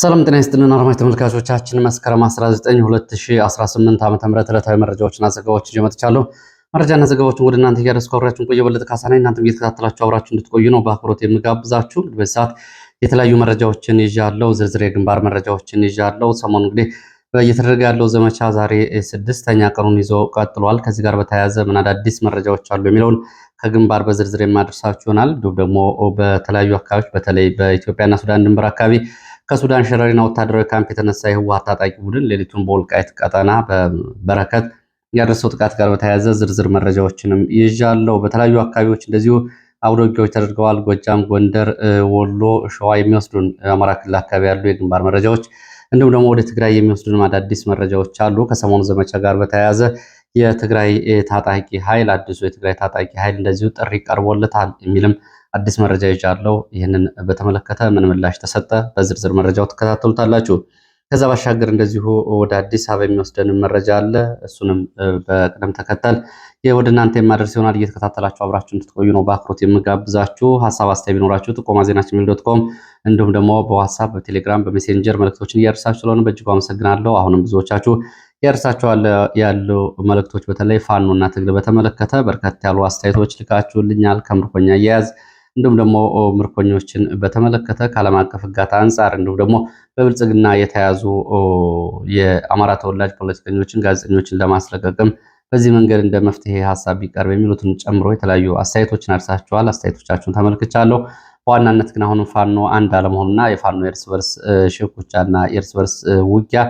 ሰላም ጤና ይስጥልን አድማጭ ተመልካቾቻችን፣ መስከረም 19 2018 ዓ ም ዕለታዊ መረጃዎችና ዘገባዎችን ይዤ መጥቻለሁ። መረጃና ዘገባዎችን ወደ እናንተ እያደረስኩ አብራችሁን ቆየ በለጠ ካሳና እናንተም እየተከታተላችሁ አብራችሁ እንድትቆዩ ነው በአክብሮት የምጋብዛችሁ። በዚህ ሰዓት የተለያዩ መረጃዎችን ይዣለሁ፣ ዝርዝር የግንባር መረጃዎችን ይዣለሁ። ሰሞኑ እንግዲህ እየተደረገ ያለው ዘመቻ ዛሬ ስድስተኛ ቀኑን ይዞ ቀጥሏል። ከዚህ ጋር በተያያዘ ምን አዳዲስ መረጃዎች አሉ የሚለውን ከግንባር በዝርዝር የማደርሳችሁ ይሆናል። እንዲሁም ደግሞ በተለያዩ አካባቢዎች በተለይ በኢትዮጵያና ሱዳን ድንበር አካባቢ ከሱዳን ሸረሪና ወታደራዊ ካምፕ የተነሳ የህወሓት ታጣቂ ቡድን ሌሊቱን በወልቃይት ቀጠና በበረከት ያደረሰው ጥቃት ጋር በተያያዘ ዝርዝር መረጃዎችንም ይዣለው። በተለያዩ አካባቢዎች እንደዚሁ አውደ ውጊያዎች ተደርገዋል። ጎጃም፣ ጎንደር፣ ወሎ፣ ሸዋ የሚወስዱን አማራ ክልል አካባቢ ያሉ የግንባር መረጃዎች እንዲሁም ደግሞ ወደ ትግራይ የሚወስዱንም አዳዲስ መረጃዎች አሉ። ከሰሞኑ ዘመቻ ጋር በተያያዘ የትግራይ ታጣቂ ኃይል አዲሱ የትግራይ ታጣቂ ኃይል እንደዚሁ ጥሪ ቀርቦለታል የሚልም አዲስ መረጃ ይዣለሁ። ይህንን በተመለከተ ምን ምላሽ ተሰጠ? በዝርዝር መረጃው ትከታተሉታላችሁ። ከዛ ባሻገር እንደዚሁ ወደ አዲስ አበባ የሚወስደን መረጃ አለ። እሱንም በቅደም ተከተል ወደ እናንተ የማደርስ ይሆናል። እየተከታተላችሁ አብራችሁ እንድትቆዩ ነው በአክሮት የምጋብዛችሁ። ሀሳብ አስተያየት ቢኖራችሁ ጥቆማ ዜና ጂሜል ዶት ኮም እንዲሁም ደግሞ በዋትሳፕ በቴሌግራም በሜሴንጀር መልእክቶችን እያደርሳችሁ ስለሆነ በእጅጉ አመሰግናለሁ። አሁንም ብዙዎቻችሁ ያደርሳችኋል ያሉ መልእክቶች በተለይ ፋኖ እና ትግል በተመለከተ በርከት ያሉ አስተያየቶች ልካችሁልኛል ከምርኮኛ አያያዝ እንዲሁም ደግሞ ምርኮኞችን በተመለከተ ከዓለም አቀፍ ህጋታ አንጻር እንዲሁም ደግሞ በብልጽግና የተያዙ የአማራ ተወላጅ ፖለቲከኞችን፣ ጋዜጠኞችን ለማስለቀቅም በዚህ መንገድ እንደ መፍትሄ ሀሳብ ቢቀርብ የሚሉትን ጨምሮ የተለያዩ አስተያየቶችን አድርሳችኋል። አስተያየቶቻችሁን ተመልክቻለሁ። በዋናነት ግን አሁንም ፋኖ አንድ አለመሆኑና የፋኖ የእርስ በርስ ሽኩቻና የእርስ በርስ ውጊያ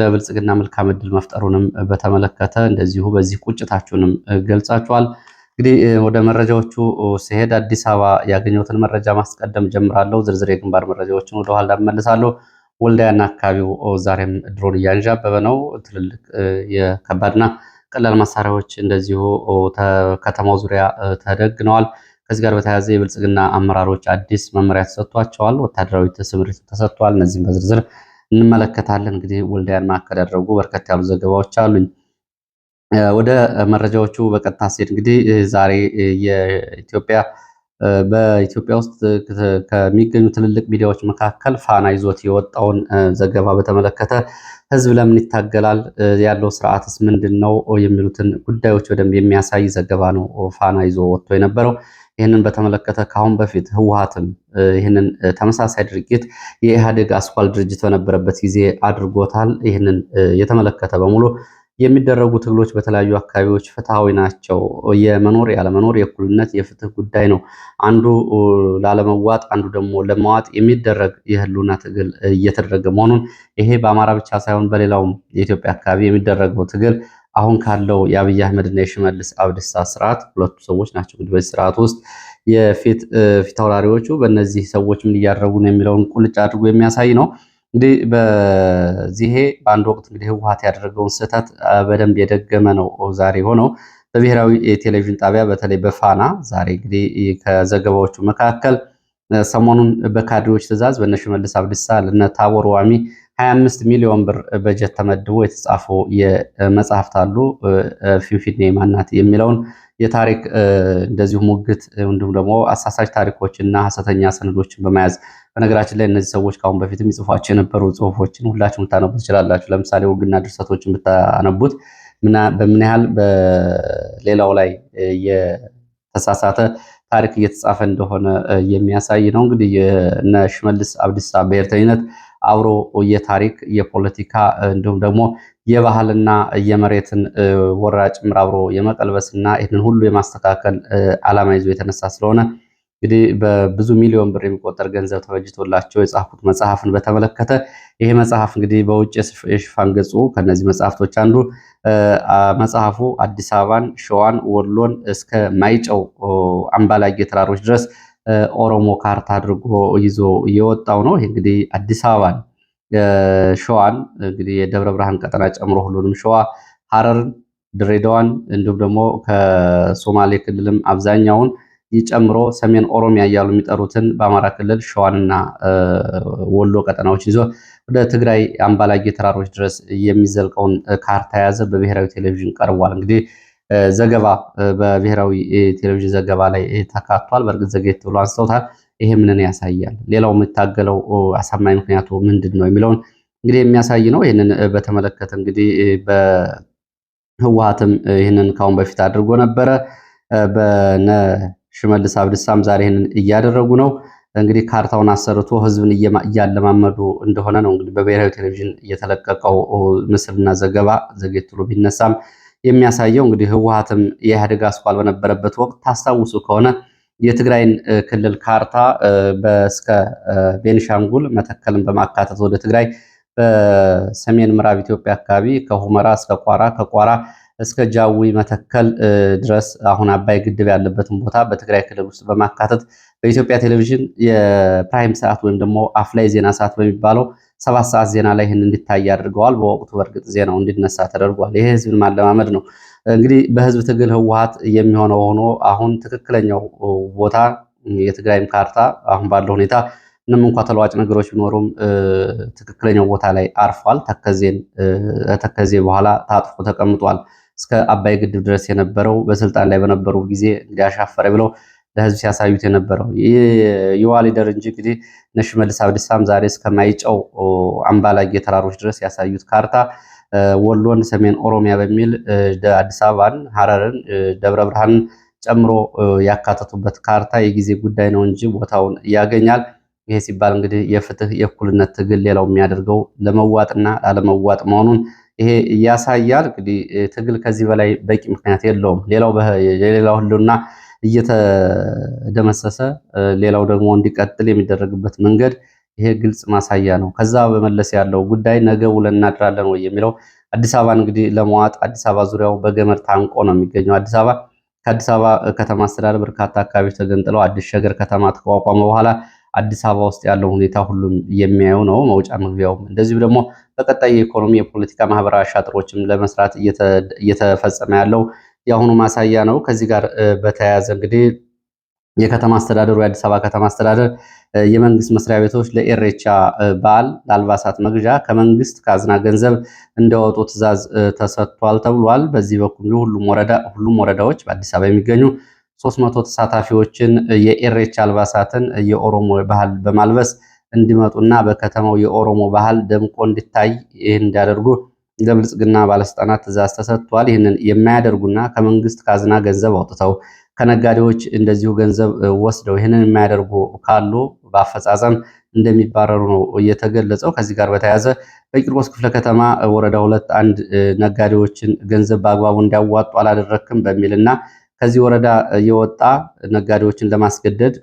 ለብልጽግና መልካም እድል መፍጠሩንም በተመለከተ እንደዚሁ በዚህ ቁጭታችሁንም ገልጻችኋል። እንግዲህ ወደ መረጃዎቹ ሲሄድ አዲስ አበባ ያገኘሁትን መረጃ ማስቀደም ጀምራለሁ። ዝርዝር የግንባር መረጃዎችን ወደኋላ እመልሳለሁ። ወልዳያና አካባቢው ዛሬም ድሮን እያንዣበበ ነው። ትልልቅ የከባድና ቀላል መሳሪያዎች እንደዚሁ ከተማው ዙሪያ ተደግነዋል። ከዚህ ጋር በተያያዘ የብልጽግና አመራሮች አዲስ መመሪያ ተሰጥቷቸዋል። ወታደራዊ ስምሪት ተሰጥቷል። እነዚህም በዝርዝር እንመለከታለን። እንግዲህ ወልዳያን ማዕከል ያደረጉ በርከት ያሉ ዘገባዎች አሉኝ። ወደ መረጃዎቹ በቀጥታ ሲሄድ እንግዲህ ዛሬ የኢትዮጵያ በኢትዮጵያ ውስጥ ከሚገኙ ትልልቅ ሚዲያዎች መካከል ፋና ይዞት የወጣውን ዘገባ በተመለከተ ህዝብ ለምን ይታገላል? ያለው ስርዓትስ ምንድን ነው? የሚሉትን ጉዳዮች በደንብ የሚያሳይ ዘገባ ነው ፋና ይዞ ወጥቶ የነበረው። ይህንን በተመለከተ ከአሁን በፊት ህወሀትም ይህንን ተመሳሳይ ድርጊት የኢህአዴግ አስኳል ድርጅት በነበረበት ጊዜ አድርጎታል። ይህንን የተመለከተ በሙሉ የሚደረጉ ትግሎች በተለያዩ አካባቢዎች ፍትሐዊ ናቸው። የመኖር ያለመኖር የእኩልነት የፍትህ ጉዳይ ነው። አንዱ ላለመዋጥ አንዱ ደግሞ ለመዋጥ የሚደረግ የህልውና ትግል እየተደረገ መሆኑን ይሄ በአማራ ብቻ ሳይሆን በሌላውም የኢትዮጵያ አካባቢ የሚደረገው ትግል አሁን ካለው የአብይ አህመድና የሽመልስ አብዲሳ ስርዓት ሁለቱ ሰዎች ናቸው እንግዲህ በዚህ ስርዓት ውስጥ የፊት ፊታውራሪዎቹ በእነዚህ ሰዎች ምን እያደረጉ ነው የሚለውን ቁልጭ አድርጎ የሚያሳይ ነው። እንግዲህ በዚሄ በአንድ ወቅት እንግዲህ ህወሀት ያደረገውን ስህተት በደንብ የደገመ ነው ዛሬ ሆነው በብሔራዊ የቴሌቪዥን ጣቢያ በተለይ በፋና ዛሬ እንግዲህ ከዘገባዎቹ መካከል ሰሞኑን በካድሬዎች ትእዛዝ በእነ ሽመልስ አብዲሳ ለእነ ታቦር ዋሚ 25 ሚሊዮን ብር በጀት ተመድቦ የተጻፉ የመጽሐፍት አሉ። ፊንፊኔ ማናት የሚለውን የታሪክ እንደዚሁ ሙግት እንዲሁም ደግሞ አሳሳች ታሪኮችና ሀሰተኛ ሰነዶችን በመያዝ በነገራችን ላይ እነዚህ ሰዎች ከአሁን በፊት የሚጽፏቸው የነበሩ ጽሁፎችን ሁላችሁም ልታነቡ ትችላላችሁ። ለምሳሌ ውግና ድርሰቶችን ብታነቡት በምን ያህል በሌላው ላይ የተሳሳተ ታሪክ እየተጻፈ እንደሆነ የሚያሳይ ነው። እንግዲህ እነ ሽመልስ አብዲሳ ብሔርተኝነት አብሮ የታሪክ የፖለቲካ እንዲሁም ደግሞ የባህልና የመሬትን ወረራ ጭምር አብሮ የመቀልበስና ይህንን ሁሉ የማስተካከል ዓላማ ይዞ የተነሳ ስለሆነ እንግዲህ በብዙ ሚሊዮን ብር የሚቆጠር ገንዘብ ተበጅቶላቸው የጻፉት መጽሐፍን በተመለከተ ይሄ መጽሐፍ እንግዲህ በውጭ የሽፋን ገጹ ከነዚህ መጽሐፍቶች አንዱ መጽሐፉ አዲስ አበባን፣ ሸዋን፣ ወሎን እስከ ማይጨው አምባላጌ ተራሮች ድረስ ኦሮሞ ካርታ አድርጎ ይዞ የወጣው ነው። ይህ እንግዲህ አዲስ አበባን፣ ሸዋን እንግዲህ የደብረ ብርሃን ቀጠና ጨምሮ ሁሉንም ሸዋ፣ ሐረርን፣ ድሬዳዋን እንዲሁም ደግሞ ከሶማሌ ክልልም አብዛኛውን ጨምሮ ሰሜን ኦሮሚያ እያሉ የሚጠሩትን በአማራ ክልል ሸዋንና ወሎ ቀጠናዎች ይዞ ወደ ትግራይ አምባላጌ ተራሮች ድረስ የሚዘልቀውን ካርታ የያዘ በብሔራዊ ቴሌቪዥን ቀርቧል። እንግዲህ ዘገባ በብሔራዊ ቴሌቪዥን ዘገባ ላይ ተካቷል። በእርግጥ ዘጌት ብሎ አንስተውታል። ይሄ ምንን ያሳያል? ሌላው የምታገለው አሳማኝ ምክንያቱ ምንድን ነው የሚለውን እንግዲህ የሚያሳይ ነው። ይህንን በተመለከተ እንግዲህ በህወሀትም ይህንን ካሁን በፊት አድርጎ ነበረ በነ ሽመልስ አብድሳም ዛሬ ይህንን እያደረጉ ነው። እንግዲህ ካርታውን አሰርቶ ህዝብን እያለማመዱ እንደሆነ ነው እንግዲህ በብሔራዊ ቴሌቪዥን እየተለቀቀው ምስልና ዘገባ ዘግየት ቢነሳም የሚያሳየው እንግዲህ ህወሓትም የኢህአዴግ አስኳል በነበረበት ወቅት ታስታውሱ ከሆነ የትግራይን ክልል ካርታ እስከ ቤንሻንጉል መተከልን በማካተት ወደ ትግራይ በሰሜን ምዕራብ ኢትዮጵያ አካባቢ ከሁመራ እስከ ቋራ ከቋራ እስከ ጃዊ መተከል ድረስ አሁን አባይ ግድብ ያለበትን ቦታ በትግራይ ክልል ውስጥ በማካተት በኢትዮጵያ ቴሌቪዥን የፕራይም ሰዓት ወይም ደግሞ አፍላይ ዜና ሰዓት በሚባለው ሰባት ሰዓት ዜና ላይ ይህን እንዲታይ አድርገዋል። በወቅቱ በእርግጥ ዜናው እንዲነሳ ተደርጓል። ይሄ ህዝብን ማለማመድ ነው። እንግዲህ በህዝብ ትግል ህወሀት የሚሆነው ሆኖ አሁን ትክክለኛው ቦታ የትግራይም ካርታ አሁን ባለው ሁኔታ ምንም እንኳ ተለዋጭ ነገሮች ቢኖሩም ትክክለኛው ቦታ ላይ አርፏል። ተከዜ በኋላ ታጥፎ ተቀምጧል። እስከ አባይ ግድብ ድረስ የነበረው በስልጣን ላይ በነበሩ ጊዜ እንግዲህ አሻፈረ ብለው ለህዝብ ሲያሳዩት የነበረው የዋ ሊደር እንጂ እንግዲህ እነ ሽመልስ አብዲሳም ዛሬ እስከ ማይጨው አምባላጌ ተራሮች ድረስ ያሳዩት ካርታ ወሎን፣ ሰሜን ኦሮሚያ በሚል አዲስ አበባን፣ ሐረርን፣ ደብረ ብርሃንን ጨምሮ ያካተቱበት ካርታ የጊዜ ጉዳይ ነው እንጂ ቦታውን ያገኛል። ይሄ ሲባል እንግዲህ የፍትህ የእኩልነት ትግል ሌላው የሚያደርገው ለመዋጥና ላለመዋጥ መሆኑን ይሄ ያሳያል። እንግዲህ ትግል ከዚህ በላይ በቂ ምክንያት የለውም። ሌላው የሌላው ህልውና እየተደመሰሰ ሌላው ደግሞ እንዲቀጥል የሚደረግበት መንገድ ይሄ ግልጽ ማሳያ ነው። ከዛ በመለስ ያለው ጉዳይ ነገ ውለን እናድራለን ወይ የሚለው አዲስ አበባን እንግዲህ ለመዋጥ አዲስ አበባ ዙሪያው በገመድ ታንቆ ነው የሚገኘው። አዲስ አበባ ከአዲስ አበባ ከተማ አስተዳደር በርካታ አካባቢዎች ተገንጥለው አዲስ ሸገር ከተማ ተቋቋመ በኋላ አዲስ አበባ ውስጥ ያለው ሁኔታ ሁሉም የሚያየው ነው። መውጫ መግቢያውም እንደዚሁ ደግሞ በቀጣይ የኢኮኖሚ የፖለቲካ፣ ማህበራዊ አሻጥሮችም ለመስራት እየተፈጸመ ያለው የአሁኑ ማሳያ ነው። ከዚህ ጋር በተያያዘ እንግዲህ የከተማ አስተዳደሩ የአዲስ አበባ ከተማ አስተዳደር የመንግስት መስሪያ ቤቶች ለኢሬቻ በዓል ለአልባሳት መግዣ ከመንግስት ካዝና ገንዘብ እንዲያወጡ ትዕዛዝ ተሰጥቷል ተብሏል። በዚህ በኩል ሁሉም ወረዳዎች በአዲስ አበባ የሚገኙ ሶስት መቶ ተሳታፊዎችን የኤሬቻ አልባሳትን የኦሮሞ ባህል በማልበስ እንዲመጡና በከተማው የኦሮሞ ባህል ደምቆ እንዲታይ ይህን እንዲያደርጉ ለብልጽግና ባለስልጣናት ትእዛዝ ተሰጥቷል። ይህንን የማያደርጉና ከመንግስት ካዝና ገንዘብ አውጥተው ከነጋዴዎች እንደዚሁ ገንዘብ ወስደው ይህንን የማያደርጉ ካሉ በአፈጻጸም እንደሚባረሩ ነው እየተገለጸው። ከዚህ ጋር በተያያዘ በቂርቆስ ክፍለ ከተማ ወረዳ ሁለት አንድ ነጋዴዎችን ገንዘብ በአግባቡ እንዲያዋጡ አላደረክም በሚልና ከዚህ ወረዳ የወጣ ነጋዴዎችን ለማስገደድ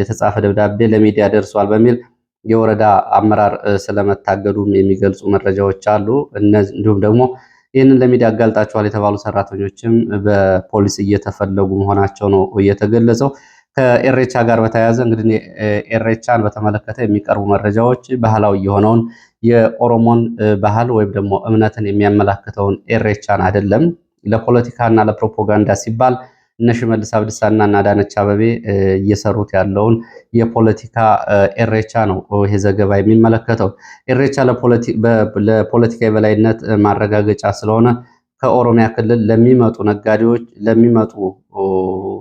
የተጻፈ ደብዳቤ ለሚዲያ ደርሷል በሚል የወረዳ አመራር ስለመታገዱም የሚገልጹ መረጃዎች አሉ። እንዲሁም ደግሞ ይህንን ለሚዲያ አጋልጣቸዋል የተባሉ ሰራተኞችም በፖሊስ እየተፈለጉ መሆናቸው ነው እየተገለጸው። ከኤሬቻ ጋር በተያያዘ እንግዲህ ኤሬቻን በተመለከተ የሚቀርቡ መረጃዎች ባህላዊ የሆነውን የኦሮሞን ባህል ወይም ደግሞ እምነትን የሚያመላክተውን ኤሬቻን አይደለም። ለፖለቲካና ለፕሮፓጋንዳ ሲባል እነ ሽመልስ አብዲሳና እና አዳነች አበቤ እየሰሩት ያለውን የፖለቲካ ኤሬቻ ነው ይሄ ዘገባ የሚመለከተው። ኤሬቻ ለፖለቲካ የበላይነት ማረጋገጫ ስለሆነ ከኦሮሚያ ክልል ለሚመጡ ነጋዴዎች ለሚመጡ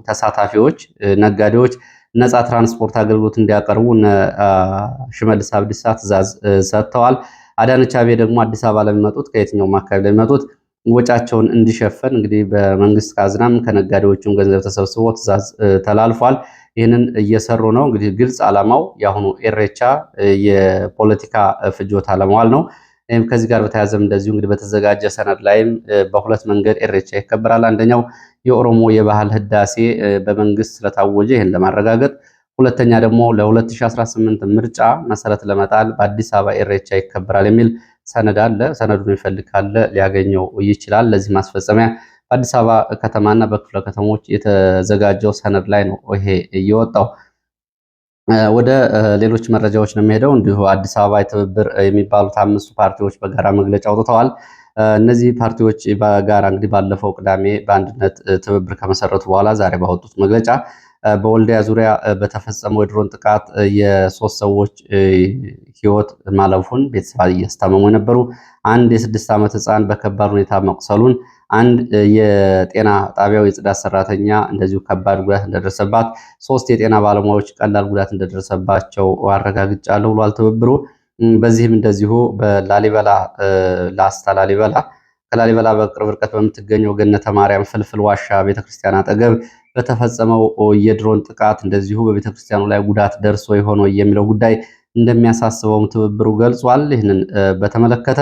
ተሳታፊዎች ነጋዴዎች ነፃ ትራንስፖርት አገልግሎት እንዲያቀርቡ ሽመልስ አብዲሳ ትእዛዝ ሰጥተዋል። አዳነች አቤቤ ደግሞ አዲስ አበባ ለሚመጡት ከየትኛውም አካባቢ ለሚመጡት ወጫቸውን እንዲሸፈን እንግዲህ በመንግስት ካዝናም ከነጋዴዎቹም ገንዘብ ተሰብስቦ ትዕዛዝ ተላልፏል። ይህንን እየሰሩ ነው። እንግዲህ ግልጽ ዓላማው የአሁኑ ኤሬቻ የፖለቲካ ፍጆታ ለመዋል ነው። ይህም ከዚህ ጋር በተያያዘም እንደዚሁ እንግዲህ በተዘጋጀ ሰነድ ላይም በሁለት መንገድ ኤሬቻ ይከበራል። አንደኛው የኦሮሞ የባህል ህዳሴ በመንግስት ስለታወጀ ይህን ለማረጋገጥ ሁለተኛ ደግሞ ለ2018 ምርጫ መሰረት ለመጣል በአዲስ አበባ ኤሬቻ ይከበራል የሚል ሰነድ አለ። ሰነዱን የሚፈልግ ካለ ሊያገኘው ይችላል። ለዚህ ማስፈጸሚያ በአዲስ አበባ ከተማና በክፍለ ከተሞች የተዘጋጀው ሰነድ ላይ ነው ይሄ እየወጣው። ወደ ሌሎች መረጃዎች ነው የሚሄደው። እንዲሁ አዲስ አበባ የትብብር የሚባሉት አምስቱ ፓርቲዎች በጋራ መግለጫ አውጥተዋል። እነዚህ ፓርቲዎች በጋራ እንግዲህ ባለፈው ቅዳሜ በአንድነት ትብብር ከመሰረቱ በኋላ ዛሬ ባወጡት መግለጫ በወልዲያ ዙሪያ በተፈጸመው የድሮን ጥቃት የሶስት ሰዎች ህይወት ማለፉን ቤተሰብ እያስታመሙ የነበሩ አንድ የስድስት ዓመት ህፃን በከባድ ሁኔታ መቁሰሉን አንድ የጤና ጣቢያው የጽዳት ሰራተኛ እንደዚሁ ከባድ ጉዳት እንደደረሰባት፣ ሶስት የጤና ባለሙያዎች ቀላል ጉዳት እንደደረሰባቸው አረጋግጫለሁ ብሏል ትብብሩ። በዚህም እንደዚሁ በላሊበላ ላስታ ላሊበላ ከላሊበላ በቅርብ ርቀት በምትገኘው ገነተ ማርያም ፍልፍል ዋሻ ቤተክርስቲያን አጠገብ በተፈጸመው የድሮን ጥቃት እንደዚሁ በቤተክርስቲያኑ ላይ ጉዳት ደርሶ የሆነ የሚለው ጉዳይ እንደሚያሳስበውም ትብብሩ ገልጿል። ይህንን በተመለከተ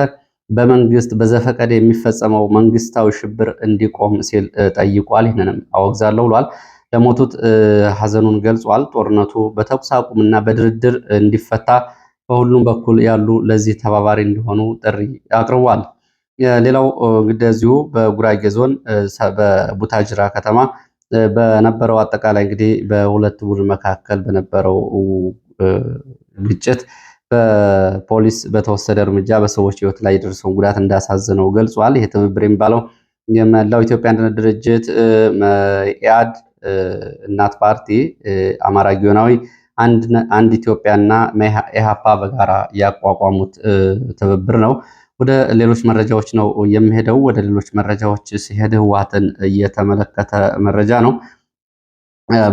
በመንግስት በዘፈቀደ የሚፈጸመው መንግስታዊ ሽብር እንዲቆም ሲል ጠይቋል። ይህንንም አወግዛለሁ ብሏል። ለሞቱት ሀዘኑን ገልጿል። ጦርነቱ በተኩስ አቁምና በድርድር እንዲፈታ በሁሉም በኩል ያሉ ለዚህ ተባባሪ እንዲሆኑ ጥሪ አቅርቧል። ሌላው እንደዚሁ በጉራጌ ዞን በቡታጅራ ከተማ በነበረው አጠቃላይ እንግዲህ በሁለት ቡድን መካከል በነበረው ግጭት በፖሊስ በተወሰደ እርምጃ በሰዎች ሕይወት ላይ የደረሰውን ጉዳት እንዳሳዘነው ገልጿል። ይሄ ትብብር የሚባለው የመላው ኢትዮጵያ አንድነት ድርጅት፣ መኢአድ፣ እናት ፓርቲ፣ አማራ ጊዮናዊ፣ አንድ ኢትዮጵያና ኢህአፓ በጋራ ያቋቋሙት ትብብር ነው። ወደ ሌሎች መረጃዎች ነው የሚሄደው። ወደ ሌሎች መረጃዎች ሲሄድ ህወሓትን እየተመለከተ መረጃ ነው።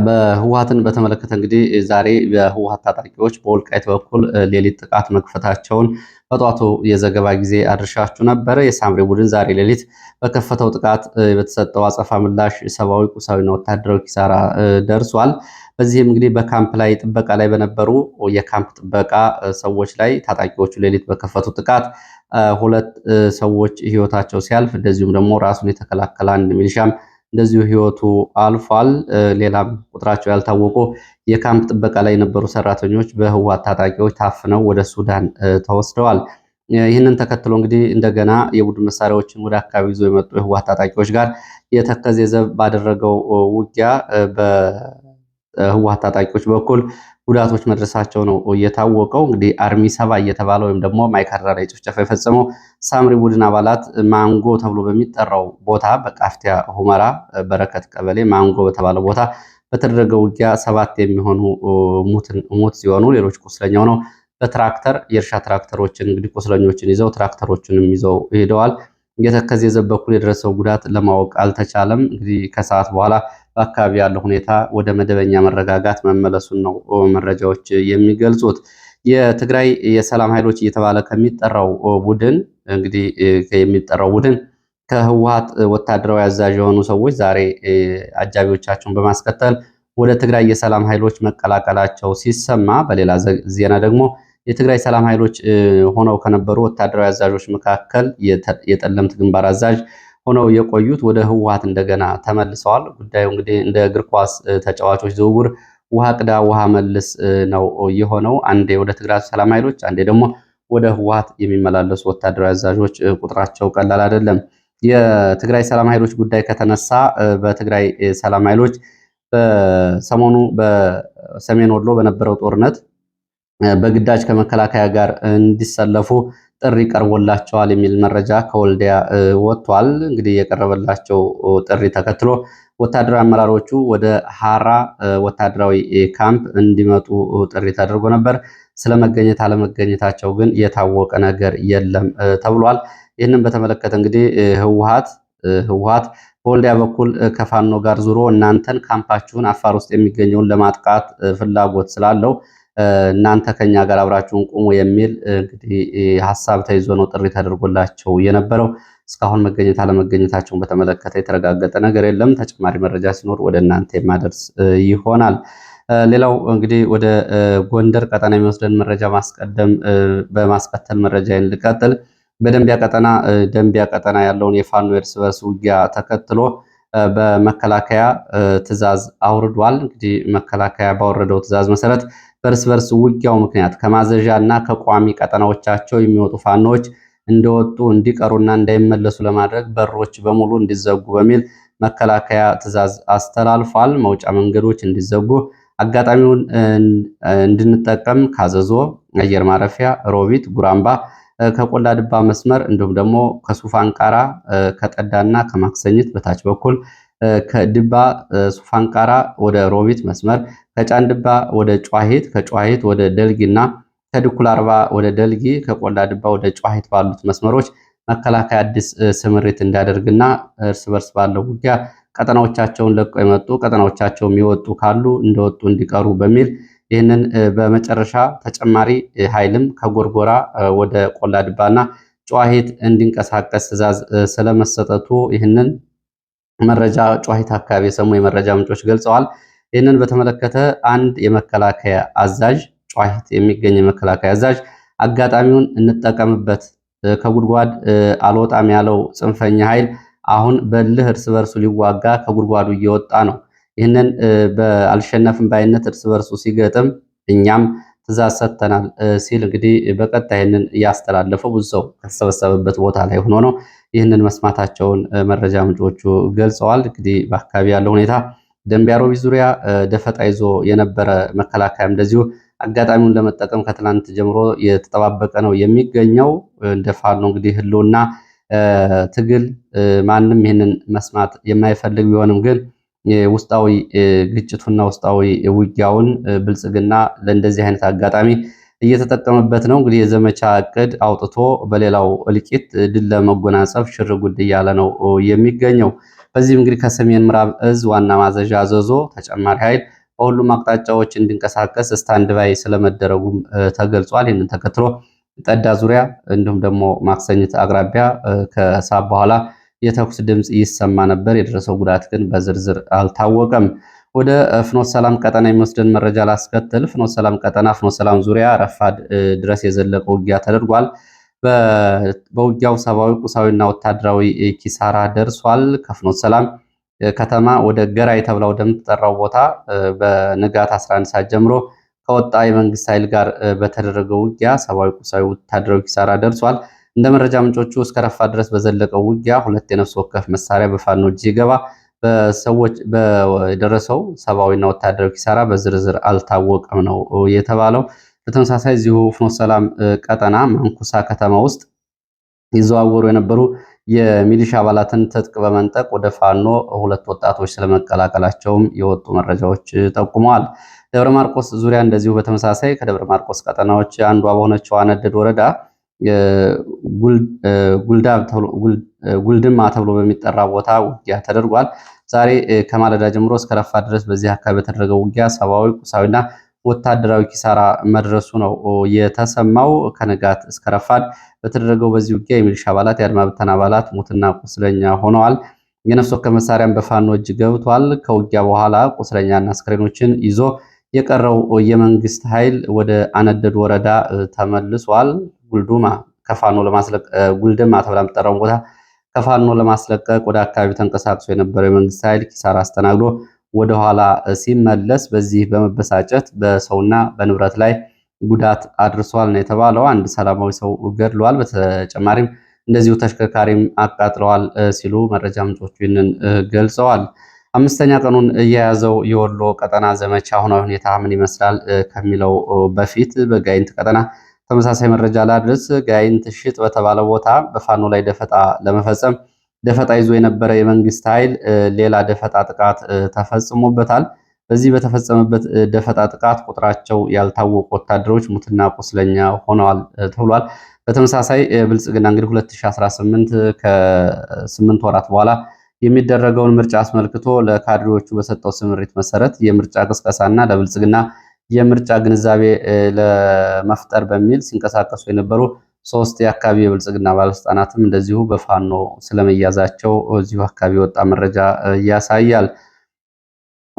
በህወሓትን በተመለከተ እንግዲህ ዛሬ በህወሓት ታጣቂዎች በወልቃይት በኩል ሌሊት ጥቃት መክፈታቸውን በጧቱ የዘገባ ጊዜ አድርሻችሁ ነበረ። የሳምሪ ቡድን ዛሬ ሌሊት በከፈተው ጥቃት በተሰጠው አጸፋ ምላሽ ሰብአዊ፣ ቁሳዊና ወታደራዊ ኪሳራ ደርሷል። በዚህም እንግዲህ በካምፕ ላይ ጥበቃ ላይ በነበሩ የካምፕ ጥበቃ ሰዎች ላይ ታጣቂዎቹ ሌሊት በከፈቱ ጥቃት ሁለት ሰዎች ህይወታቸው ሲያልፍ እንደዚሁም ደግሞ ራሱን የተከላከለ አንድ ሚሊሻም እንደዚሁ ህይወቱ አልፏል። ሌላም ቁጥራቸው ያልታወቁ የካምፕ ጥበቃ ላይ የነበሩ ሰራተኞች በህወሓት ታጣቂዎች ታፍነው ወደ ሱዳን ተወስደዋል። ይህንን ተከትሎ እንግዲህ እንደገና የቡድን መሳሪያዎችን ወደ አካባቢ ይዞ የመጡ የህወሓት ታጣቂዎች ጋር የተከዜ ዘብ ባደረገው ውጊያ በህወሓት ታጣቂዎች በኩል ጉዳቶች መድረሳቸው ነው እየታወቀው። እንግዲህ አርሚ ሰባ እየተባለ ወይም ደግሞ ማይካድራ ላይ ጭፍጨፋ የፈጸመው ሳምሪ ቡድን አባላት ማንጎ ተብሎ በሚጠራው ቦታ በቃፍቲያ ሁመራ በረከት ቀበሌ ማንጎ በተባለ ቦታ በተደረገ ውጊያ ሰባት የሚሆኑ ሙት ሲሆኑ ሌሎች ቁስለኛ ሆነው በትራክተር የእርሻ ትራክተሮችን እንግዲህ ቁስለኞችን ይዘው ትራክተሮችንም ይዘው ሄደዋል። የተከዜ ዘብ የደረሰው ጉዳት ለማወቅ አልተቻለም። እንግዲህ ከሰዓት በኋላ በአካባቢ ያለው ሁኔታ ወደ መደበኛ መረጋጋት መመለሱን ነው መረጃዎች የሚገልጹት። የትግራይ የሰላም ኃይሎች እየተባለ ከሚጠራው ቡድን እንግዲህ የሚጠራው ቡድን ከህወሀት ወታደራዊ አዛዥ የሆኑ ሰዎች ዛሬ አጃቢዎቻቸውን በማስከተል ወደ ትግራይ የሰላም ኃይሎች መቀላቀላቸው ሲሰማ፣ በሌላ ዜና ደግሞ የትግራይ ሰላም ኃይሎች ሆነው ከነበሩ ወታደራዊ አዛዦች መካከል የጠለምት ግንባር አዛዥ ሆነው የቆዩት ወደ ህወሀት እንደገና ተመልሰዋል። ጉዳዩ እንግዲህ እንደ እግር ኳስ ተጫዋቾች ዝውውር ውሃ ቅዳ ውሃ መልስ ነው የሆነው። አንዴ ወደ ትግራይ ሰላም ኃይሎች፣ አንዴ ደግሞ ወደ ህወሓት የሚመላለሱ ወታደራዊ አዛዦች ቁጥራቸው ቀላል አይደለም። የትግራይ ሰላም ኃይሎች ጉዳይ ከተነሳ በትግራይ ሰላም ኃይሎች በሰሞኑ በሰሜን ወሎ በነበረው ጦርነት በግዳጅ ከመከላከያ ጋር እንዲሰለፉ ጥሪ ቀርቦላቸዋል የሚል መረጃ ከወልዲያ ወጥቷል። እንግዲህ የቀረበላቸው ጥሪ ተከትሎ ወታደራዊ አመራሮቹ ወደ ሀራ ወታደራዊ ካምፕ እንዲመጡ ጥሪ ተደርጎ ነበር። ስለመገኘት አለመገኘታቸው ግን የታወቀ ነገር የለም ተብሏል። ይህንን በተመለከተ እንግዲህ ህወሀት ህወሀት በወልዲያ በኩል ከፋኖ ጋር ዙሮ እናንተን ካምፓችሁን አፋር ውስጥ የሚገኘውን ለማጥቃት ፍላጎት ስላለው እናንተ ከኛ ጋር አብራችሁን ቁሙ የሚል እንግዲህ ሀሳብ ተይዞ ነው ጥሪ ተደርጎላቸው የነበረው። እስካሁን መገኘት አለመገኘታቸውን በተመለከተ የተረጋገጠ ነገር የለም። ተጨማሪ መረጃ ሲኖር ወደ እናንተ የማደርስ ይሆናል። ሌላው እንግዲህ ወደ ጎንደር ቀጠና የሚወስደን መረጃ ማስቀደም በማስቀተል መረጃ ልቀጥል። በደንቢያ ቀጠና ደንቢያ ቀጠና ያለውን የፋኖ እርስ በርስ ውጊያ ተከትሎ በመከላከያ ትዕዛዝ አውርዷል። እንግዲህ መከላከያ ባወረደው ትዕዛዝ መሰረት በርስ በርስ ውጊያው ምክንያት ከማዘዣ እና ከቋሚ ቀጠናዎቻቸው የሚወጡ ፋኖዎች እንደወጡ እንዲቀሩና እንዳይመለሱ ለማድረግ በሮች በሙሉ እንዲዘጉ በሚል መከላከያ ትዕዛዝ አስተላልፏል። መውጫ መንገዶች እንዲዘጉ፣ አጋጣሚውን እንድንጠቀም ካዘዞ አየር ማረፊያ፣ ሮቢት፣ ጉራምባ ከቆላ ድባ መስመር እንዲሁም ደግሞ ከሱፍ አንቃራ ከጠዳና ከማክሰኝት በታች በኩል ከድባ ሱፋንቃራ ወደ ሮቢት መስመር፣ ከጫንድባ ወደ ጨዋሂት፣ ከጨዋሂት ወደ ደልጊ እና ከድኩል አርባ ወደ ደልጊ፣ ከቆላ ድባ ወደ ጨዋሂት ባሉት መስመሮች መከላከያ አዲስ ስምሪት እንዲያደርግና እርስ በርስ ባለው ውጊያ ቀጠናዎቻቸውን ለቀው የመጡ ቀጠናዎቻቸው የሚወጡ ካሉ እንደወጡ እንዲቀሩ በሚል ይህንን በመጨረሻ ተጨማሪ ኃይልም ከጎርጎራ ወደ ቆላ ድባና ጨዋሂት እንዲንቀሳቀስ ትዕዛዝ ስለመሰጠቱ ይህንን መረጃ ጨዋሂት አካባቢ የሰሙ የመረጃ ምንጮች ገልጸዋል። ይህንን በተመለከተ አንድ የመከላከያ አዛዥ ጨዋሂት የሚገኝ የመከላከያ አዛዥ አጋጣሚውን እንጠቀምበት፣ ከጉድጓድ አልወጣም ያለው ጽንፈኛ ኃይል አሁን በልህ እርስ በርሱ ሊዋጋ ከጉድጓዱ እየወጣ ነው። ይህንን በአልሸነፍም ባይነት እርስ በርሱ ሲገጥም እኛም ትእዛዝ ሰጥተናል ሲል እንግዲህ በቀጣይ ይህንን እያስተላለፈው ብዙ ሰው ከተሰበሰበበት ቦታ ላይ ሆኖ ነው ይህንን መስማታቸውን መረጃ ምንጮቹ ገልጸዋል። እንግዲህ በአካባቢ ያለው ሁኔታ ደንቢያሮቢ ዙሪያ ደፈጣ ይዞ የነበረ መከላከያ እንደዚሁ አጋጣሚውን ለመጠቀም ከትናንት ጀምሮ የተጠባበቀ ነው የሚገኘው። እንደ ፋኖ እንግዲህ ህልውና ትግል ማንም ይህንን መስማት የማይፈልግ ቢሆንም ግን ውስጣዊ ግጭቱና ውስጣዊ ውጊያውን ብልጽግና ለእንደዚህ አይነት አጋጣሚ እየተጠቀመበት ነው። እንግዲህ የዘመቻ እቅድ አውጥቶ በሌላው እልቂት ድል ለመጎናጸፍ ሽር ጉድ እያለ ነው የሚገኘው። በዚህም እንግዲህ ከሰሜን ምዕራብ እዝ ዋና ማዘዣ አዘዞ ተጨማሪ ኃይል በሁሉም አቅጣጫዎች እንዲንቀሳቀስ ስታንድ ባይ ስለመደረጉም ተገልጿል። ይህንን ተከትሎ ጠዳ ዙሪያ እንዲሁም ደግሞ ማክሰኝት አቅራቢያ ከሰዓት በኋላ የተኩስ ድምፅ ይሰማ ነበር። የደረሰው ጉዳት ግን በዝርዝር አልታወቀም። ወደ ፍኖት ሰላም ቀጠና የሚወስደን መረጃ ላስከትል። ፍኖት ሰላም ቀጠና፣ ፍኖት ሰላም ዙሪያ ረፋድ ድረስ የዘለቀ ውጊያ ተደርጓል። በውጊያው ሰብአዊ ቁሳዊና ወታደራዊ ኪሳራ ደርሷል። ከፍኖት ሰላም ከተማ ወደ ገራይ ተብላው ወደምትጠራው ቦታ በንጋት 11 ሰዓት ጀምሮ ከወጣ የመንግስት ኃይል ጋር በተደረገ ውጊያ ሰብአዊ ቁሳዊ፣ ወታደራዊ ኪሳራ ደርሷል። እንደ መረጃ ምንጮቹ እስከ ረፋ ድረስ በዘለቀው ውጊያ ሁለት የነፍስ ወከፍ መሳሪያ በፋኖ እጅ በሰዎች በደረሰው ሰብአዊና ወታደራዊ ኪሳራ በዝርዝር አልታወቀም ነው የተባለው። በተመሳሳይ እዚሁ ፍኖ ሰላም ቀጠና ማንኩሳ ከተማ ውስጥ ይዘዋወሩ የነበሩ የሚሊሻ አባላትን ትጥቅ በመንጠቅ ወደ ፋኖ ሁለት ወጣቶች ስለመቀላቀላቸውም የወጡ መረጃዎች ጠቁመዋል። ደብረ ማርቆስ ዙሪያ እንደዚሁ በተመሳሳይ ከደብረ ማርቆስ ቀጠናዎች አንዷ በሆነችው አነደድ ወረዳ ጉልድማ ተብሎ በሚጠራ ቦታ ውጊያ ተደርጓል። ዛሬ ከማለዳ ጀምሮ እስከ ረፋ ድረስ በዚህ አካባቢ በተደረገው ውጊያ ሰብአዊ፣ ቁሳዊና ወታደራዊ ኪሳራ መድረሱ ነው የተሰማው። ከንጋት እስከ ረፋድ በተደረገው በዚህ ውጊያ የሚሊሻ አባላት፣ የአድማ ብተና አባላት ሙትና ቁስለኛ ሆነዋል። የነፍስ ወከፍ መሳሪያም በፋኖ እጅ ገብቷል። ከውጊያ በኋላ ቁስለኛና አስክሬኖችን ይዞ የቀረው የመንግስት ኃይል ወደ አነደድ ወረዳ ተመልሷል። ጉልዱማ ከፋኖ ጉልደማ ተብላ የምትጠራውን ቦታ ከፋኖ ለማስለቀቅ ወደ አካባቢው ተንቀሳቅሶ የነበረው የመንግስት ኃይል ኪሳራ አስተናግዶ ወደኋላ ሲመለስ በዚህ በመበሳጨት በሰውና በንብረት ላይ ጉዳት አድርሷል ነው የተባለው። አንድ ሰላማዊ ሰው ገድሏል። በተጨማሪም እንደዚሁ ተሽከርካሪም አቃጥለዋል ሲሉ መረጃ ምንጮቹ ይህንን ገልጸዋል። አምስተኛ ቀኑን የያዘው የወሎ ቀጠና ዘመቻ አሁናዊ ሁኔታ ምን ይመስላል ከሚለው በፊት በጋይንት ቀጠና ተመሳሳይ መረጃ ላድርስ። ጋይንት ሽጥ በተባለ ቦታ በፋኖ ላይ ደፈጣ ለመፈጸም ደፈጣ ይዞ የነበረ የመንግስት ኃይል ሌላ ደፈጣ ጥቃት ተፈጽሞበታል። በዚህ በተፈጸመበት ደፈጣ ጥቃት ቁጥራቸው ያልታወቁ ወታደሮች ሙትና ቁስለኛ ሆነዋል ተብሏል። በተመሳሳይ ብልጽግና እንግዲህ 2018 ከስምንት ወራት በኋላ የሚደረገውን ምርጫ አስመልክቶ ለካድሬዎቹ በሰጠው ስምሪት መሰረት የምርጫ ቅስቀሳና ለብልጽግና የምርጫ ግንዛቤ ለመፍጠር በሚል ሲንቀሳቀሱ የነበሩ ሶስት የአካባቢ የብልጽግና ባለስልጣናትም እንደዚሁ በፋኖ ስለመያዛቸው እዚሁ አካባቢ የወጣ መረጃ ያሳያል።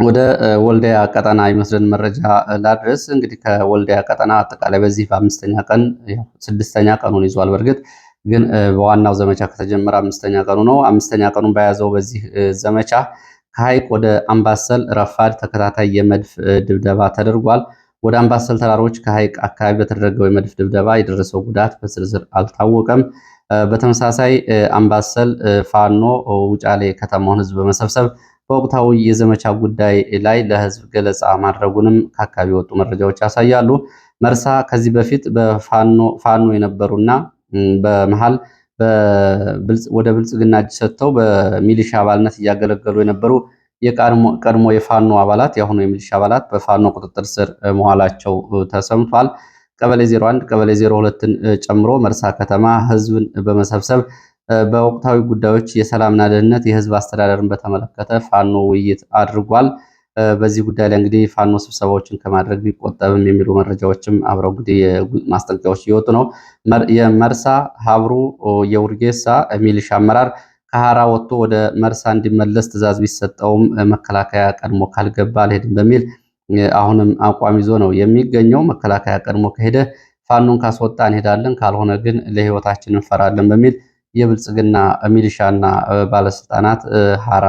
ወደ ወልዲያ ቀጠና የሚወስደን መረጃ ላድረስ። እንግዲህ ከወልዲያ ቀጠና አጠቃላይ በዚህ በአምስተኛ ቀን ስድስተኛ ቀኑን ይዟል። በእርግጥ ግን በዋናው ዘመቻ ከተጀመረ አምስተኛ ቀኑ ነው። አምስተኛ ቀኑን በያዘው በዚህ ዘመቻ ከሐይቅ ወደ አምባሰል ረፋድ ተከታታይ የመድፍ ድብደባ ተደርጓል። ወደ አምባሰል ተራሮች ከሐይቅ አካባቢ በተደረገው የመድፍ ድብደባ የደረሰው ጉዳት በዝርዝር አልታወቀም። በተመሳሳይ አምባሰል ፋኖ ውጫሌ ከተማውን ህዝብ በመሰብሰብ በወቅታዊ የዘመቻ ጉዳይ ላይ ለህዝብ ገለጻ ማድረጉንም ከአካባቢ የወጡ መረጃዎች ያሳያሉ። መርሳ ከዚህ በፊት በፋኖ የነበሩና በመሃል ወደ ብልጽግና እጅ ሰጥተው በሚሊሻ አባልነት እያገለገሉ የነበሩ የቀድሞ የፋኖ አባላት የአሁኑ የሚሊሻ አባላት በፋኖ ቁጥጥር ስር መዋላቸው ተሰምቷል። ቀበሌ 01 ቀበሌ 02ን ጨምሮ መርሳ ከተማ ህዝብን በመሰብሰብ በወቅታዊ ጉዳዮች የሰላምና ደህንነት፣ የህዝብ አስተዳደርን በተመለከተ ፋኖ ውይይት አድርጓል። በዚህ ጉዳይ ላይ እንግዲህ ፋኖ ስብሰባዎችን ከማድረግ ቢቆጠብም የሚሉ መረጃዎችም አብረው እንግዲህ ማስጠንቀቂያዎች እየወጡ ነው። የመርሳ ሀብሩ የውርጌሳ ሚሊሻ አመራር ከሀራ ወጥቶ ወደ መርሳ እንዲመለስ ትዕዛዝ ቢሰጠውም መከላከያ ቀድሞ ካልገባ አልሄድም በሚል አሁንም አቋም ይዞ ነው የሚገኘው። መከላከያ ቀድሞ ከሄደ ፋኖን ካስወጣ እንሄዳለን፣ ካልሆነ ግን ለህይወታችን እንፈራለን በሚል የብልጽግና ሚሊሻና ባለስልጣናት ሀራ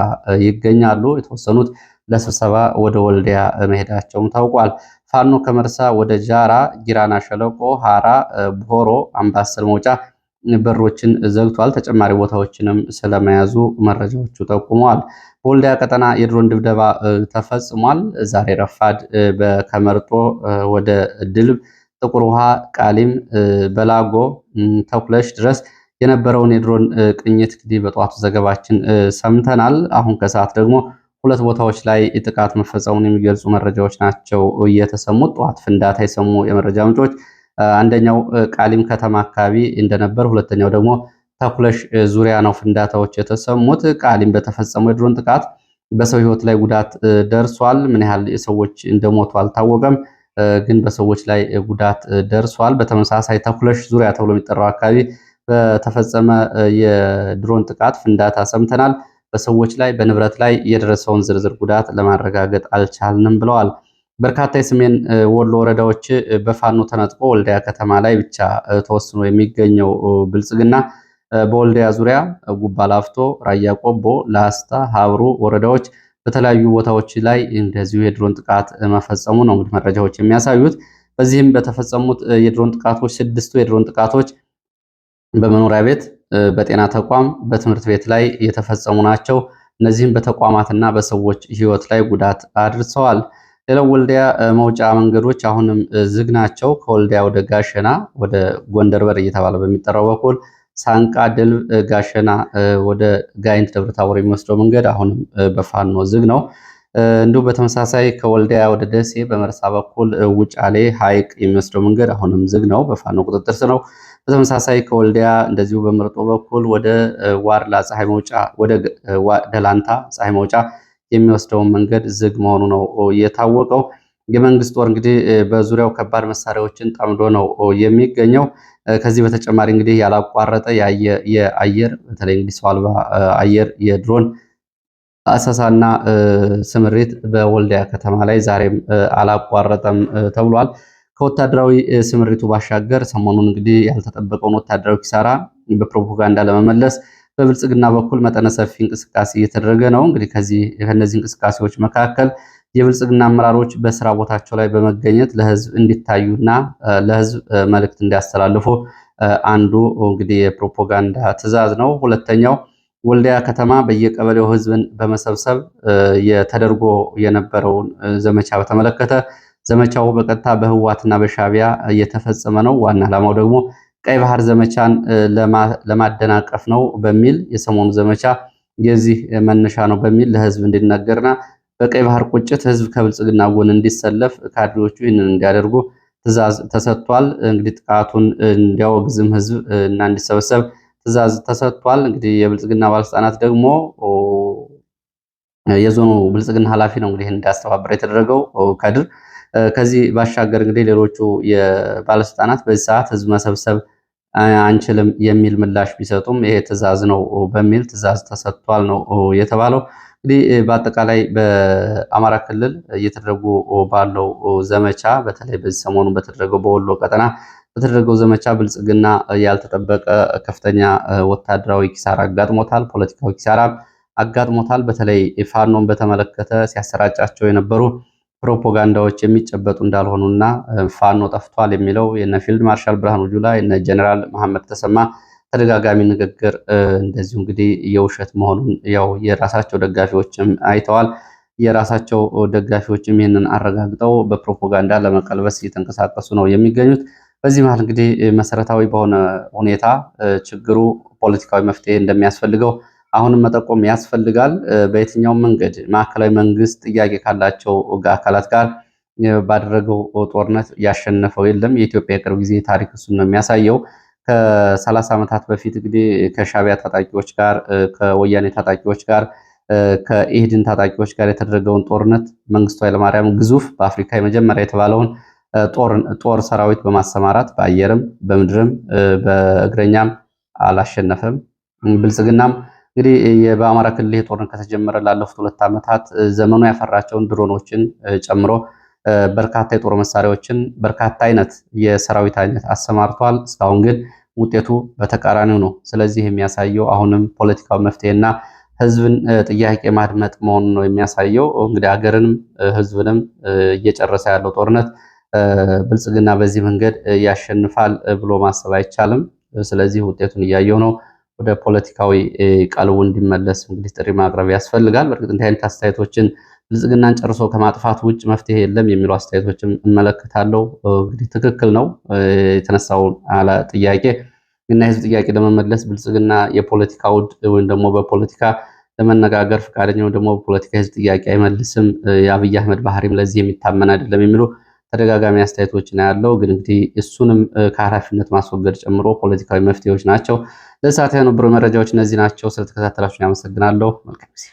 ይገኛሉ። የተወሰኑት ለስብሰባ ወደ ወልዲያ መሄዳቸውም ታውቋል። ፋኖ ከመርሳ ወደ ጃራ፣ ጊራና ሸለቆ፣ ሃራ፣ ቦሮ፣ አምባሰል መውጫ በሮችን ዘግቷል። ተጨማሪ ቦታዎችንም ስለመያዙ መረጃዎቹ ጠቁመዋል። በወልዲያ ቀጠና የድሮን ድብደባ ተፈጽሟል። ዛሬ ረፋድ ከመርጦ ወደ ድልብ፣ ጥቁር ውሃ፣ ቃሊም፣ በላጎ ተኩለሽ ድረስ የነበረውን የድሮን ቅኝት እንግዲህ በጠዋቱ ዘገባችን ሰምተናል። አሁን ከሰዓት ደግሞ ሁለት ቦታዎች ላይ ጥቃት መፈጸሙን የሚገልጹ መረጃዎች ናቸው እየተሰሙት። ጠዋት ፍንዳታ የሰሙ የመረጃ ምንጮች አንደኛው ቃሊም ከተማ አካባቢ እንደነበር፣ ሁለተኛው ደግሞ ተኩለሽ ዙሪያ ነው ፍንዳታዎች የተሰሙት። ቃሊም በተፈጸመው የድሮን ጥቃት በሰው ህይወት ላይ ጉዳት ደርሷል። ምን ያህል ሰዎች እንደሞቱ አልታወቀም፣ ግን በሰዎች ላይ ጉዳት ደርሷል። በተመሳሳይ ተኩለሽ ዙሪያ ተብሎ የሚጠራው አካባቢ በተፈጸመ የድሮን ጥቃት ፍንዳታ ሰምተናል። በሰዎች ላይ በንብረት ላይ የደረሰውን ዝርዝር ጉዳት ለማረጋገጥ አልቻልንም ብለዋል። በርካታ የሰሜን ወሎ ወረዳዎች በፋኖ ተነጥቆ ወልዲያ ከተማ ላይ ብቻ ተወስኖ የሚገኘው ብልጽግና በወልዲያ ዙሪያ ጉባ ላፍቶ፣ ራያ ቆቦ፣ ላስታ፣ ሀብሩ ወረዳዎች በተለያዩ ቦታዎች ላይ እንደዚሁ የድሮን ጥቃት መፈጸሙ ነው እንግዲህ መረጃዎች የሚያሳዩት። በዚህም በተፈጸሙት የድሮን ጥቃቶች ስድስቱ የድሮን ጥቃቶች በመኖሪያ ቤት፣ በጤና ተቋም፣ በትምህርት ቤት ላይ የተፈጸሙ ናቸው። እነዚህም በተቋማትና በሰዎች ህይወት ላይ ጉዳት አድርሰዋል። ሌላው ወልዲያ መውጫ መንገዶች አሁንም ዝግ ናቸው። ከወልዲያ ወደ ጋሸና ወደ ጎንደር በር እየተባለ በሚጠራው በኩል ሳንቃ ድልብ ጋሸና ወደ ጋይንት ደብረታቦር የሚወስደው መንገድ አሁንም በፋኖ ዝግ ነው። እንዲሁም በተመሳሳይ ከወልዲያ ወደ ደሴ በመርሳ በኩል ውጫሌ ሀይቅ የሚወስደው መንገድ አሁንም ዝግ ነው፣ በፋኖ ቁጥጥር ስር ነው። በተመሳሳይ ከወልዲያ እንደዚሁ በምርጦ በኩል ወደ ዋርላ ፀሐይ መውጫ ወደ ደላንታ ፀሐይ መውጫ የሚወስደውን መንገድ ዝግ መሆኑ ነው የታወቀው። የመንግስት ጦር እንግዲህ በዙሪያው ከባድ መሳሪያዎችን ጠምዶ ነው የሚገኘው። ከዚህ በተጨማሪ እንግዲህ ያላቋረጠ የአየር በተለይ እንግዲህ ሰው አልባ አየር የድሮን አሰሳና ስምሪት በወልዲያ ከተማ ላይ ዛሬም አላቋረጠም ተብሏል። ከወታደራዊ ስምሪቱ ባሻገር ሰሞኑን እንግዲህ ያልተጠበቀውን ወታደራዊ ኪሳራ በፕሮፓጋንዳ ለመመለስ በብልጽግና በኩል መጠነ ሰፊ እንቅስቃሴ እየተደረገ ነው። እንግዲህ ከዚህ ከነዚህ እንቅስቃሴዎች መካከል የብልጽግና አመራሮች በስራ ቦታቸው ላይ በመገኘት ለህዝብ እንዲታዩና ለህዝብ መልእክት እንዲያስተላልፉ አንዱ እንግዲህ የፕሮፓጋንዳ ትዕዛዝ ነው። ሁለተኛው ወልዲያ ከተማ በየቀበሌው ህዝብን በመሰብሰብ የተደርጎ የነበረውን ዘመቻ በተመለከተ ዘመቻው በቀጥታ በህዋትና በሻቢያ እየተፈጸመ ነው፣ ዋና ዓላማው ደግሞ ቀይ ባህር ዘመቻን ለማደናቀፍ ነው በሚል የሰሞኑ ዘመቻ የዚህ መነሻ ነው በሚል ለህዝብ እንዲነገርና በቀይ ባህር ቁጭት ህዝብ ከብልጽግና ጎን እንዲሰለፍ ካድሬዎቹ ይህንን እንዲያደርጉ ትእዛዝ ተሰጥቷል። እንግዲህ ጥቃቱን እንዲያወግዝም ህዝብ እና እንዲሰበሰብ ትእዛዝ ተሰጥቷል። እንግዲህ የብልጽግና ባለስልጣናት ደግሞ የዞኑ ብልጽግና ኃላፊ ነው እንግዲህ እንዳስተባበረ የተደረገው ከድር ከዚህ ባሻገር እንግዲህ ሌሎቹ የባለስልጣናት በዚህ ሰዓት ህዝብ መሰብሰብ አንችልም የሚል ምላሽ ቢሰጡም ይሄ ትዕዛዝ ነው በሚል ትዕዛዝ ተሰጥቷል ነው የተባለው። እንግዲህ በአጠቃላይ በአማራ ክልል እየተደረጉ ባለው ዘመቻ በተለይ በዚህ ሰሞኑ በተደረገው በወሎ ቀጠና በተደረገው ዘመቻ ብልጽግና ያልተጠበቀ ከፍተኛ ወታደራዊ ኪሳራ አጋጥሞታል፣ ፖለቲካዊ ኪሳራ አጋጥሞታል። በተለይ ፋኖን በተመለከተ ሲያሰራጫቸው የነበሩ ፕሮፓጋንዳዎች የሚጨበጡ እንዳልሆኑና ፋኖ ጠፍቷል የሚለው የነ ፊልድ ማርሻል ብርሃኑ ጁላ የነ ጀኔራል መሐመድ ተሰማ ተደጋጋሚ ንግግር እንደዚሁ እንግዲህ የውሸት መሆኑን ያው የራሳቸው ደጋፊዎችም አይተዋል። የራሳቸው ደጋፊዎችም ይህንን አረጋግጠው በፕሮፓጋንዳ ለመቀልበስ እየተንቀሳቀሱ ነው የሚገኙት። በዚህ መሀል እንግዲህ መሰረታዊ በሆነ ሁኔታ ችግሩ ፖለቲካዊ መፍትሄ እንደሚያስፈልገው አሁንም መጠቆም ያስፈልጋል። በየትኛው መንገድ ማዕከላዊ መንግስት ጥያቄ ካላቸው አካላት ጋር ባደረገው ጦርነት ያሸነፈው የለም። የኢትዮጵያ የቅርብ ጊዜ ታሪክ እሱን ነው የሚያሳየው። ከሰላሳ ዓመታት በፊት እንግዲህ ከሻቢያ ታጣቂዎች ጋር ከወያኔ ታጣቂዎች ጋር ከኢህድን ታጣቂዎች ጋር የተደረገውን ጦርነት መንግስቱ ኃይለማርያም ግዙፍ በአፍሪካ የመጀመሪያ የተባለውን ጦር ሰራዊት በማሰማራት በአየርም በምድርም በእግረኛም አላሸነፈም። ብልጽግናም እንግዲህ በአማራ ክልል ይሄ ጦርነት ከተጀመረ ላለፉት ሁለት ዓመታት ዘመኑ ያፈራቸውን ድሮኖችን ጨምሮ በርካታ የጦር መሳሪያዎችን በርካታ አይነት የሰራዊት አይነት አሰማርቷል። እስካሁን ግን ውጤቱ በተቃራኒው ነው። ስለዚህ የሚያሳየው አሁንም ፖለቲካዊ መፍትሄና ህዝብን ጥያቄ ማድመጥ መሆኑን ነው የሚያሳየው። እንግዲህ ሀገርንም ህዝብንም እየጨረሰ ያለው ጦርነት ብልጽግና በዚህ መንገድ ያሸንፋል ብሎ ማሰብ አይቻልም። ስለዚህ ውጤቱን እያየው ነው። ወደ ፖለቲካዊ ቀልቡ እንዲመለስ እንግዲህ ጥሪ ማቅረብ ያስፈልጋል። በእርግጥ እንዲህ አይነት አስተያየቶችን ብልጽግናን ጨርሶ ከማጥፋት ውጭ መፍትሄ የለም የሚሉ አስተያየቶችም እመለከታለሁ። እንግዲህ ትክክል ነው የተነሳው ጥያቄ እና የህዝብ ጥያቄ ለመመለስ ብልጽግና የፖለቲካ ውድ ወይም ደግሞ በፖለቲካ ለመነጋገር ፈቃደኛ ወይም ደግሞ በፖለቲካ የህዝብ ጥያቄ አይመልስም፣ የአብይ አህመድ ባህሪም ለዚህ የሚታመን አይደለም የሚሉ ተደጋጋሚ አስተያየቶች ነው ያለው። ግን እንግዲህ እሱንም ከኃላፊነት ማስወገድ ጨምሮ ፖለቲካዊ መፍትሄዎች ናቸው። ለሰዓት የነበሩ መረጃዎች እነዚህ ናቸው። ስለተከታተላችሁን ያመሰግናለሁ። መልካም ጊዜ